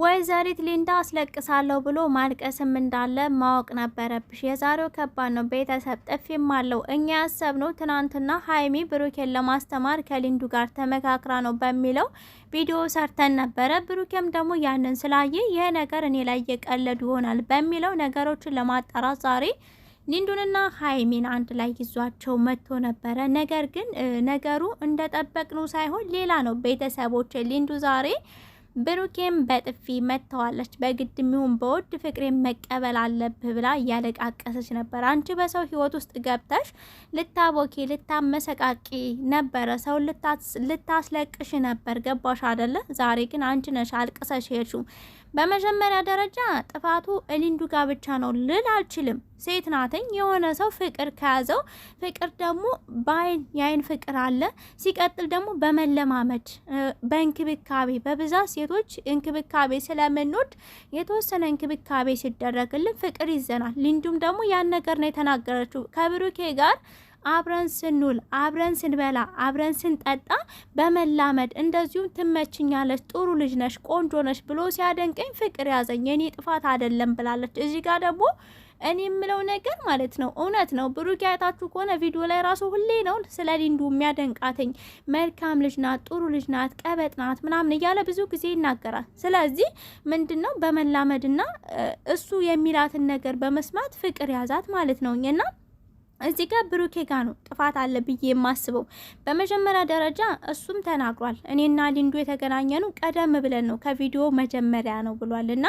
ወይዘሪት ሊንዳ አስለቅሳለሁ ብሎ ማልቀስም እንዳለ ማወቅ ነበረብሽ። የዛሬው ከባድ ነው። ቤተሰብ ጥፊም አለው። እኛ ያሰብነው ትናንትና ሀይሚ ብሩኬን ለማስተማር ከሊንዱ ጋር ተመካክራ ነው በሚለው ቪዲዮ ሰርተን ነበረ። ብሩኬም ደግሞ ያንን ስላየ ይህ ነገር እኔ ላይ እየቀለዱ ይሆናል በሚለው ነገሮችን ለማጣራት ዛሬ ሊንዱንና ሀይሚን አንድ ላይ ይዟቸው መጥቶ ነበረ። ነገር ግን ነገሩ እንደጠበቅነው ሳይሆን ሌላ ነው። ቤተሰቦች ሊንዱ ዛሬ ብሩኬም በጥፊ መጥተዋለች። በግድ ይሁን በውድ ፍቅሬ መቀበል አለብህ ብላ እያለቃቀሰች ነበር። አንቺ በሰው ህይወት ውስጥ ገብተሽ ልታቦኪ ልታመሰቃቂ ነበረ፣ ሰው ልታስለቅሽ ነበር። ገባሽ አደለ? ዛሬ ግን አንቺ ነሽ አልቅሰሽ ሄድሹ። በመጀመሪያ ደረጃ ጥፋቱ እሊንዱ ጋር ብቻ ነው ልል አልችልም። ሴት ናትኝ። የሆነ ሰው ፍቅር ከያዘው ፍቅር ደግሞ በአይን የአይን ፍቅር አለ። ሲቀጥል ደግሞ በመለማመድ በእንክብካቤ በብዛት ሴቶች እንክብካቤ ስለምንወድ የተወሰነ እንክብካቤ ሲደረግልን ፍቅር ይዘናል። ሊንዱም ደግሞ ያን ነገር ነው የተናገረችው ከብሩኬ ጋር አብረን ስንውል አብረን ስንበላ አብረን ስንጠጣ በመላመድ እንደዚሁም ትመችኛለች፣ ጥሩ ልጅ ነሽ፣ ቆንጆ ነሽ ብሎ ሲያደንቀኝ ፍቅር ያዘኝ፣ የኔ ጥፋት አይደለም ብላለች። እዚህ ጋር ደግሞ እኔ የምለው ነገር ማለት ነው እውነት ነው። ብሩክ ያታችሁ ከሆነ ቪዲዮ ላይ ራሱ ሁሌ ነው ስለ ሊንዱ የሚያደንቃትኝ መልካም ልጅ ናት፣ ጥሩ ልጅ ናት፣ ቀበጥ ናት ምናምን እያለ ብዙ ጊዜ ይናገራል። ስለዚህ ምንድን ነው በመላመድና እሱ የሚላትን ነገር በመስማት ፍቅር ያዛት ማለት ነው እና እዚህ ጋር ብሩኬ ጋ ነው ጥፋት አለ ብዬ የማስበው። በመጀመሪያ ደረጃ እሱም ተናግሯል። እኔና ሊንዱ የተገናኘ ነው ቀደም ብለን ነው ከቪዲዮ መጀመሪያ ነው ብሏል። እና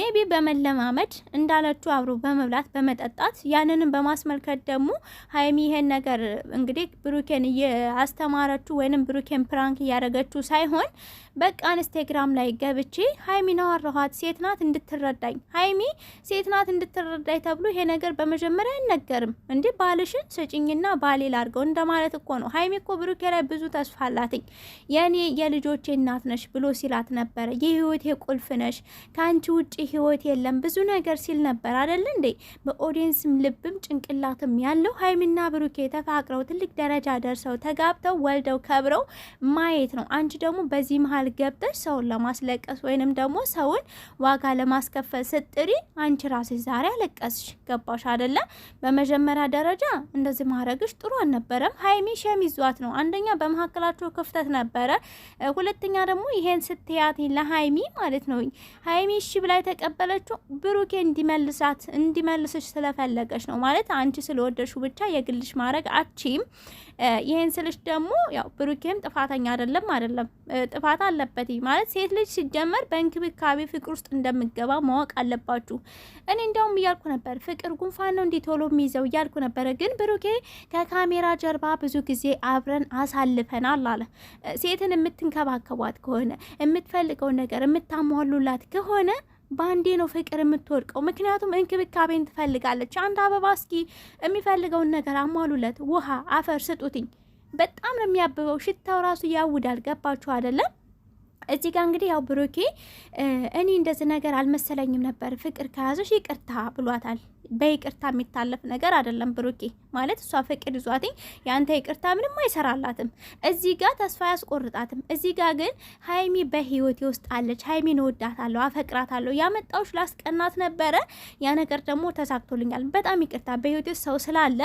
ሜቢ በመለማመድ እንዳለችው አብሮ በመብላት በመጠጣት ያንንም በማስመልከት ደግሞ ሀይሚ ይሄን ነገር እንግዲህ ብሩኬን እያስተማረችው ወይንም ብሩኬን ፕራንክ እያደረገችው ሳይሆን በቃ ኢንስቴግራም ላይ ገብቼ ሀይሚ ነዋረኋት ሴት ናት እንድትረዳኝ ሀይሚ ሴት ናት እንድትረዳኝ ተብሎ ይሄ ነገር በመጀመሪያ አይነገርም እንዴ ባልሽን ስጭኝና ባሌ ላርገው እንደማለት እኮ ነው። ሀይሚ እኮ ብሩኬ ላይ ብዙ ተስፋ አላትኝ። የእኔ የልጆቼ እናት ነሽ ብሎ ሲላት ነበረ። የህይወቴ ቁልፍ ነሽ፣ ከአንቺ ውጭ ህይወት የለም ብዙ ነገር ሲል ነበር አደለ እንዴ? በኦዲየንስም ልብም ጭንቅላትም ያለው ሀይሚና ብሩኬ ተፋቅረው ትልቅ ደረጃ ደርሰው ተጋብተው ወልደው ከብረው ማየት ነው። አንቺ ደግሞ በዚህ መሀል ገብተሽ ሰውን ለማስለቀስ ወይንም ደግሞ ሰውን ዋጋ ለማስከፈል ስጥሪ አንቺ ራስሽ ዛሬ አለቀስሽ። ገባሽ አደለም? በመጀመሪያ ደረጃ ደረጃ እንደዚህ ማድረግሽ ጥሩ አልነበረም። ሀይሚ ሸም ይዟት ነው። አንደኛ በመካከላቸው ክፍተት ነበረ፣ ሁለተኛ ደግሞ ይሄን ስትያት ለሀይሚ ማለት ነው ሀይሚ እሺ ብላ የተቀበለችው ብሩኬ እንዲመልሳት እንዲመልስሽ ስለፈለገች ነው ማለት አንቺ ስለወደሹ ብቻ የግልሽ ማድረግ አቺም። ይሄን ስልሽ ደግሞ ያው ብሩኬም ጥፋተኛ አይደለም አይደለም ጥፋት አለበት ማለት ሴት ልጅ ሲጀመር በእንክብካቤ ፍቅር ውስጥ እንደምገባ ማወቅ አለባችሁ። እኔ እንዲያውም እያልኩ ነበር ፍቅር ጉንፋን ነው እንዲቶሎ የሚይዘው እያልኩ ነበር ነበረ። ግን ብሩኬ ከካሜራ ጀርባ ብዙ ጊዜ አብረን አሳልፈናል አለ። ሴትን የምትንከባከቧት ከሆነ የምትፈልገው ነገር የምታሟሉላት ከሆነ በአንዴ ነው ፍቅር የምትወድቀው። ምክንያቱም እንክብካቤን ትፈልጋለች። አንድ አበባ እስኪ የሚፈልገውን ነገር አሟሉለት፣ ውሃ፣ አፈር ስጡትኝ። በጣም ነው የሚያብበው፣ ሽታው ራሱ ያውዳል። ገባችሁ አይደለም? እዚህ ጋር እንግዲህ ያው ብሩኬ እኔ እንደዚህ ነገር አልመሰለኝም ነበር፣ ፍቅር ከያዘሽ ይቅርታ ብሏታል። በይቅርታ የሚታለፍ ነገር አይደለም። ብሩኬ ማለት እሷ ፍቅር ይዟትኝ የአንተ ይቅርታ ምንም አይሰራላትም። እዚህ ጋር ተስፋ አያስቆርጣትም። እዚህ ጋር ግን ሀይሚ በህይወቴ ውስጥ አለች፣ ሀይሚን እወዳታለሁ፣ አፈቅራታለሁ፣ ያመጣዎች ላስቀናት ነበረ። ያ ነገር ደግሞ ተሳክቶልኛል። በጣም ይቅርታ በህይወቴ ውስጥ ሰው ስላለ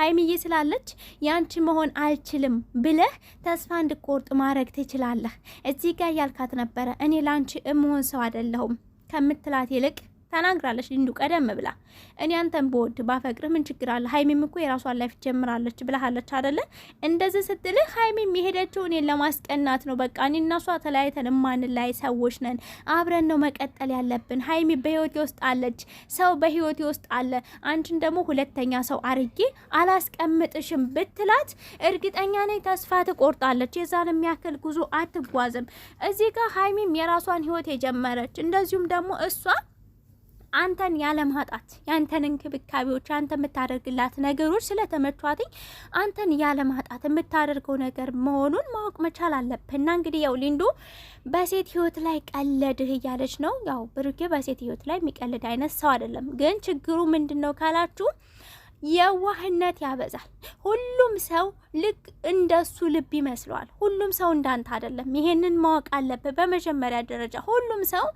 ሀይሚዬ ስላለች ያንቺ መሆን አልችልም ብለህ ተስፋ እንድቆርጥ ማድረግ ትችላለህ። እዚህ ጋር ያልካት ነበረ እኔ ለአንቺ እምሆን ሰው አይደለሁም ከምትላት ይልቅ ተናግራለች ሊንዱ ቀደም ብላ። እኔ አንተን በወድ ባፈቅር ምን ችግር አለ? ሀይሚም እኮ የራሷን ላይፍ ጀምራለች ብለሃለች አደለ? እንደዚህ ስትልህ ሀይሚም የሄደችው እኔን ለማስቀናት ነው። በቃ እኔ እናሷ እሷ ተለያይተን ማን ላይ ሰዎች ነን፣ አብረን ነው መቀጠል ያለብን። ሀይሚ በህይወቴ ውስጥ አለች፣ ሰው በህይወቴ ውስጥ አለ። አንቺን ደግሞ ሁለተኛ ሰው አርጌ አላስቀምጥሽም ብትላት እርግጠኛ ነኝ ተስፋ ትቆርጣለች። የዛን የሚያክል ጉዞ አትጓዝም። እዚህ ጋር ሀይሚም የራሷን ህይወት የጀመረች እንደዚሁም ደግሞ እሷ አንተን ያለማጣት የአንተን እንክብካቤዎች አንተ የምታደርግላት ነገሮች ስለተመቿትኝ አንተን ያለማጣት የምታደርገው ነገር መሆኑን ማወቅ መቻል አለብህ። እና እንግዲህ ያው ሊንዱ በሴት ህይወት ላይ ቀለድህ እያለች ነው። ያው ብሩኬ በሴት ህይወት ላይ የሚቀልድ አይነት ሰው አይደለም። ግን ችግሩ ምንድን ነው ካላችሁ የዋህነት ያበዛል። ሁሉም ሰው ልክ እንደሱ ልብ ይመስለዋል። ሁሉም ሰው እንዳንተ አይደለም። ይሄንን ማወቅ አለብህ። በመጀመሪያ ደረጃ ሁሉም ሰው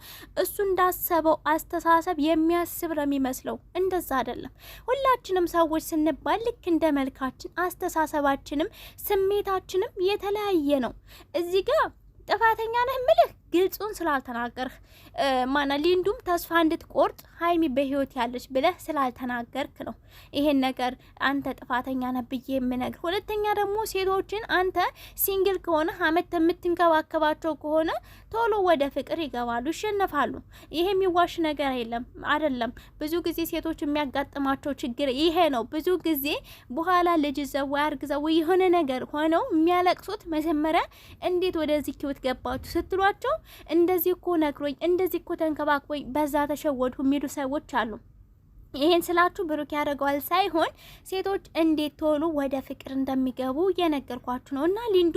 እሱ እንዳሰበው አስተሳሰብ የሚያስብ ነው የሚመስለው። እንደዛ አይደለም። ሁላችንም ሰዎች ስንባል ልክ እንደ መልካችን፣ አስተሳሰባችንም ስሜታችንም የተለያየ ነው። እዚህ ጋር ጥፋተኛ ነህ ምልህ ግልጹን ስላልተናገርህ ማና ሊንዱም ተስፋ እንድትቆርጥ ሀይሚ በህይወት ያለች ብለህ ስላልተናገርክ ነው ይሄን ነገር አንተ ጥፋተኛ ነህ ብዬ የምነግር። ሁለተኛ ደግሞ ሴቶችን አንተ ሲንግል ከሆነ አመት የምትንከባከባቸው ከሆነ ቶሎ ወደ ፍቅር ይገባሉ፣ ይሸነፋሉ። ይሄ የሚዋሽ ነገር የለም አይደለም። ብዙ ጊዜ ሴቶች የሚያጋጥማቸው ችግር ይሄ ነው። ብዙ ጊዜ በኋላ ልጅ ዘው ያርግ ዘው የሆነ ነገር ሆነው የሚያለቅሱት መጀመሪያ እንዴት ወደዚህ ህይወት ገባችሁ ስትሏቸው እንደዚህ እኮ ነግሮኝ እንደዚህ እኮ ተንከባክቦኝ በዛ ተሸወድሁ የሚሉ ሰዎች አሉ። ይሄን ስላችሁ ብሩክ ያደርገዋል ሳይሆን ሴቶች እንዴት ሆኑ ወደ ፍቅር እንደሚገቡ የነገርኳችሁ ነው። እና ሊንዱ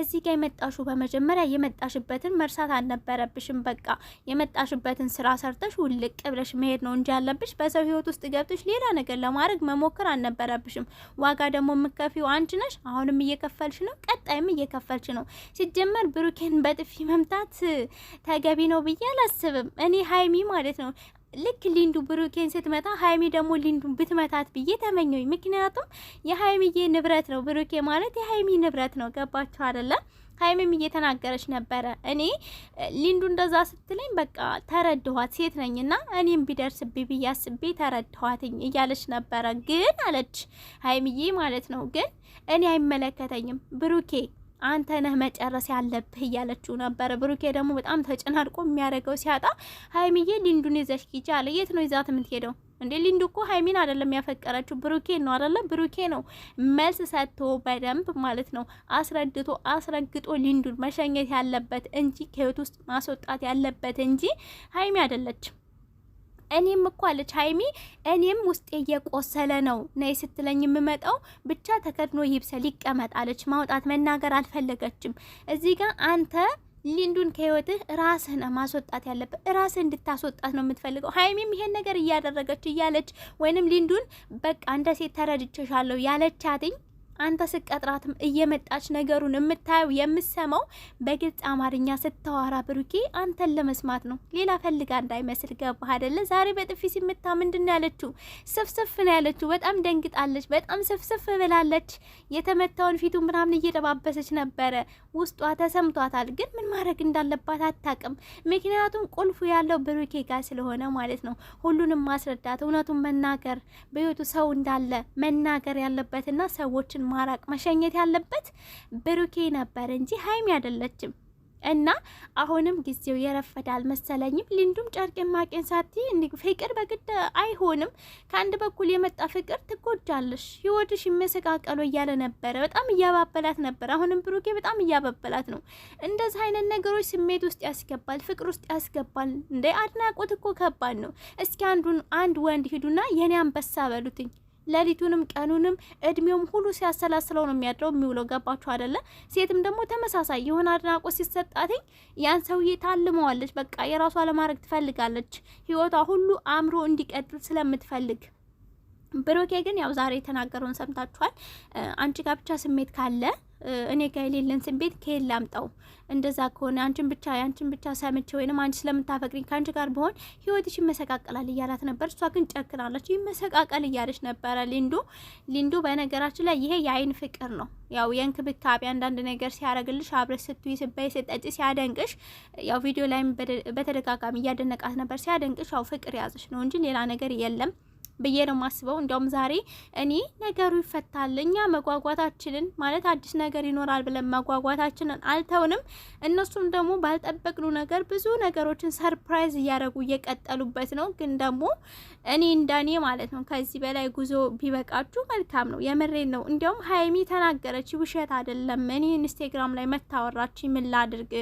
እዚህ ጋር የመጣሹ በመጀመሪያ የመጣሽበትን መርሳት አልነበረብሽም። በቃ የመጣሽበትን ስራ ሰርተሽ ውልቅ ብለሽ መሄድ ነው እንጂ ያለብሽ በሰው ህይወት ውስጥ ገብተሽ ሌላ ነገር ለማድረግ መሞከር አልነበረብሽም። ዋጋ ደግሞ የምከፊው አንቺ ነሽ። አሁንም እየከፈልሽ ነው፣ ቀጣይም እየከፈልሽ ነው። ሲጀመር ብሩኬን በጥፊ መምታት ተገቢ ነው ብዬ አላስብም እኔ ሀይሚ ማለት ነው። ልክ ሊንዱ ብሩኬን ስትመታ ሀይሚ ደግሞ ሊንዱን ብትመታት ብዬ ተመኘኝ። ምክንያቱም የሀይሚዬ ንብረት ነው፣ ብሩኬ ማለት የሀይሚ ንብረት ነው። ገባችሁ አይደለም? ሀይሚም እየተናገረች ነበረ። እኔ ሊንዱ እንደዛ ስትለኝ በቃ ተረድኋት፣ ሴት ነኝና እኔም ቢደርስብኝ ብዬ አስቤ ተረድኋትኝ እያለች ነበረ። ግን አለች ሀይሚዬ ማለት ነው፣ ግን እኔ አይመለከተኝም ብሩኬ አንተ ነህ መጨረስ ያለብህ እያለችው ነበር። ብሩኬ ደግሞ በጣም ተጨናድቆ የሚያደርገው ሲያጣ ሀይሚዬ ሊንዱን ይዘሽ ሂጂ አለ። የት ነው ይዛት የምትሄደው እንዴ? ሊንዱ እኮ ሀይሚን አይደለም ያፈቀረችው ብሩኬ ነው አይደለ? ብሩኬ ነው መልስ ሰጥቶ በደንብ ማለት ነው አስረድቶ አስረግጦ ሊንዱን መሸኘት ያለበት እንጂ ከህይወት ውስጥ ማስወጣት ያለበት እንጂ ሀይሚ አይደለችም። እኔም እኮ አለች ሀይሚ፣ እኔም ውስጤ እየቆሰለ ነው ነይ ስትለኝ የምመጣው ብቻ ተከድኖ ይብሰል ይቀመጥ አለች። ማውጣት መናገር አልፈለገችም። እዚህ ጋር አንተ ሊንዱን ከህይወትህ ራስህን ማስወጣት ያለብህ ራስህ እንድታስወጣት ነው የምትፈልገው። ሀይሚም ይሄን ነገር እያደረገች እያለች ወይንም ሊንዱን በቃ እንደ ሴት ተረድቼሻለሁ ያለቻትኝ አንተ ስቀጥራትም እየመጣች ነገሩን የምታየው የምሰማው በግልጽ አማርኛ ስታዋራ ብሩኬ አንተን ለመስማት ነው። ሌላ ፈልጋ እንዳይመስል ገባህ አይደለ? ዛሬ በጥፊ ሲመታ ምንድን ነው ያለችው? ስፍስፍ ነው ያለችው። በጣም ደንግጣለች። በጣም ስፍስፍ ብላለች። የተመታውን ፊቱ ምናምን እየደባበሰች ነበረ። ውስጧ ተሰምቷታል፣ ግን ምን ማድረግ እንዳለባት አታቅም። ምክንያቱም ቁልፉ ያለው ብሩኬ ጋር ስለሆነ ማለት ነው። ሁሉንም ማስረዳት፣ እውነቱን መናገር፣ በህይወቱ ሰው እንዳለ መናገር ያለበትና ሰዎችን ማራቅ መሸኘት ያለበት ብሩኬ ነበር እንጂ ሀይሚ አይደለችም። እና አሁንም ጊዜው የረፈደ አልመሰለኝም። ሊንዱም ጨርቅ ማቄን ሳቲ ፍቅር በግድ አይሆንም። ከአንድ በኩል የመጣ ፍቅር ትጎጃለሽ፣ ህይወትሽ የሚያሰቃቀሉ እያለ ነበረ። በጣም እያባበላት ነበር። አሁንም ብሩኬ በጣም እያባበላት ነው። እንደዚህ አይነት ነገሮች ስሜት ውስጥ ያስገባል፣ ፍቅር ውስጥ ያስገባል። እንደ አድናቆት እኮ ከባድ ነው። እስኪ አንዱን አንድ ወንድ ሂዱና የኔ አንበሳ በሉትኝ ሌሊቱንም ቀኑንም እድሜውም ሁሉ ሲያሰላስለው ነው የሚያድረው የሚውለው። ገባችሁ አደለ? ሴትም ደግሞ ተመሳሳይ የሆነ አድናቆት ሲሰጣትኝ ያን ሰውዬ ታልመዋለች። በቃ የራሷ ለማድረግ ትፈልጋለች። ህይወቷ ሁሉ አእምሮ እንዲቀጥል ስለምትፈልግ ብሮኬ ግን ያው ዛሬ የተናገረውን ሰምታችኋል። አንቺ ጋር ብቻ ስሜት ካለ እኔ ጋ የሌለን ስሜት ከየት ላምጣው? እንደዛ ከሆነ አንቺን ብቻ ያንቺን ብቻ ሰምቼ ወይንም አንቺ ስለምታፈቅሪኝ ከአንቺ ጋር በሆን ህይወትሽ ይመሰቃቀላል እያላት ነበር። እሷ ግን ጨክናለች። ይመሰቃቀል እያለች ነበረ። ሊንዱ ሊንዱ፣ በነገራችን ላይ ይሄ የአይን ፍቅር ነው። ያው የእንክብካቤ አንዳንድ ነገር ሲያደርግልሽ አብረሽ ስትይ ስበይ ስጠጪ ሲያደንቅሽ፣ ያው ቪዲዮ ላይም በተደጋጋሚ እያደነቃት ነበር። ሲያደንቅሽ ያው ፍቅር ያዘሽ ነው እንጂ ሌላ ነገር የለም። ብዬ ነው ማስበው። እንዲያውም ዛሬ እኔ ነገሩ ይፈታል እኛ መጓጓታችንን ማለት አዲስ ነገር ይኖራል ብለን መጓጓታችንን አልተውንም። እነሱም ደግሞ ባልጠበቅነው ነገር ብዙ ነገሮችን ሰርፕራይዝ እያደረጉ እየቀጠሉበት ነው። ግን ደግሞ እኔ እንዳኔ ማለት ነው ከዚህ በላይ ጉዞ ቢበቃችሁ መልካም ነው። የምሬን ነው። እንዲያውም ሀይሚ ተናገረች፣ ውሸት አይደለም። እኔ ኢንስቴግራም ላይ መታወራች ምን ላድርግ?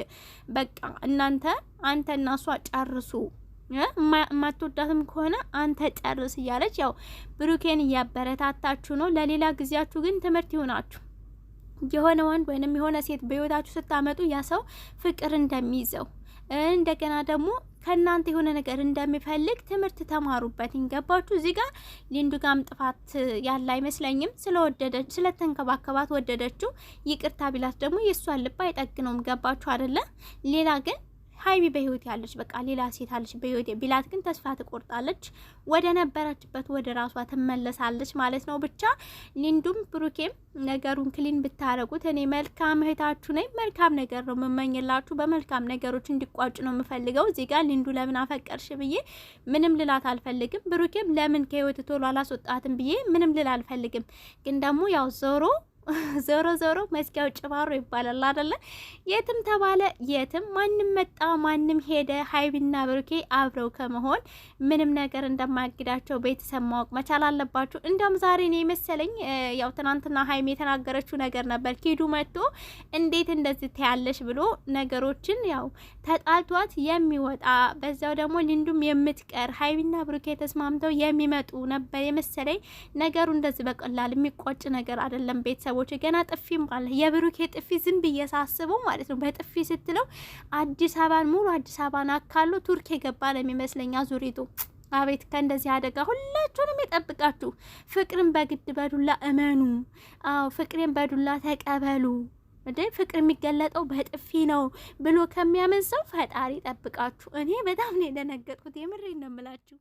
በቃ እናንተ አንተና እሷ ጨርሱ የማትወዳትም ከሆነ አንተ ጨርስ እያለች ያው ብሩኬን እያበረታታችሁ ነው። ለሌላ ጊዜያችሁ ግን ትምህርት ይሆናችሁ። የሆነ ወንድ ወይንም የሆነ ሴት በህይወታችሁ ስታመጡ ያ ሰው ፍቅር እንደሚይዘው እንደገና ደግሞ ከእናንተ የሆነ ነገር እንደሚፈልግ ትምህርት ተማሩበት። እንገባችሁ? እዚህ ጋር ሊንዱ ጋም ጥፋት ያለ አይመስለኝም። ስለወደደች ስለተንከባከባት ወደደችው። ይቅርታ ቢላት ደግሞ የእሷን ልብ አይጠግነውም። ገባችሁ አደለ? ሌላ ግን ሀይሚ በህይወት ያለች በቃ ሌላ ሴት አለች በህይወት ቢላት ግን ተስፋ ትቆርጣለች፣ ወደ ነበረችበት ወደ ራሷ ትመለሳለች ማለት ነው። ብቻ ሊንዱም ብሩኬም ነገሩን ክሊን ብታረጉት፣ እኔ መልካም እህታችሁ ነኝ። መልካም ነገር ነው የምመኝላችሁ። በመልካም ነገሮች እንዲቋጭ ነው የምፈልገው። እዚህ ጋር ሊንዱ ለምን አፈቀርሽ ብዬ ምንም ልላት አልፈልግም። ብሩኬም ለምን ከህይወት ቶሎ አላስወጣትም ብዬ ምንም ልል አልፈልግም። ግን ደግሞ ያው ዞሮ ዞሮ ዞሮ መዝጊያው ጭባሮ ይባላል አደለ? የትም ተባለ የትም ማንም መጣ ማንም ሄደ፣ ሀይሚና ብሩኬ አብረው ከመሆን ምንም ነገር እንደማያግዳቸው ቤተሰብ ማወቅ መቻል አለባችሁ። እንዲያውም ዛሬ ነው መሰለኝ ያው ትናንትና ሀይሚ የተናገረችው ነገር ነበር። ኪዱ መጥቶ እንዴት እንደዚህ ትያለሽ ብሎ ነገሮችን ያው ተጣልቷት የሚወጣ በዛው ደግሞ ሊንዱም የምትቀር ሀይሚና ብሩኬ ተስማምተው የሚመጡ ነበር የመሰለኝ ነገሩ። እንደዚህ በቀላል የሚቆጭ ነገር አደለም ቤተሰብ ቤተሰቦች ገና ጥፊም አለ። የብሩኬ ጥፊ ዝም ብዬ ሳስበው ማለት ነው። በጥፊ ስትለው አዲስ አበባን ሙሉ አዲስ አበባን አካሎ ቱርክ የገባ ነው የሚመስለኝ አዙሪቱ። አቤት ከእንደዚህ አደጋ ሁላችሁንም የጠብቃችሁ። ፍቅርን በግድ በዱላ እመኑ። አዎ ፍቅሬን በዱላ ተቀበሉ። እንዴ ፍቅር የሚገለጠው በጥፊ ነው ብሎ ከሚያምን ሰው ፈጣሪ ጠብቃችሁ። እኔ በጣም ነው የደነገጥኩት። የምሬን ነው የምላችሁ።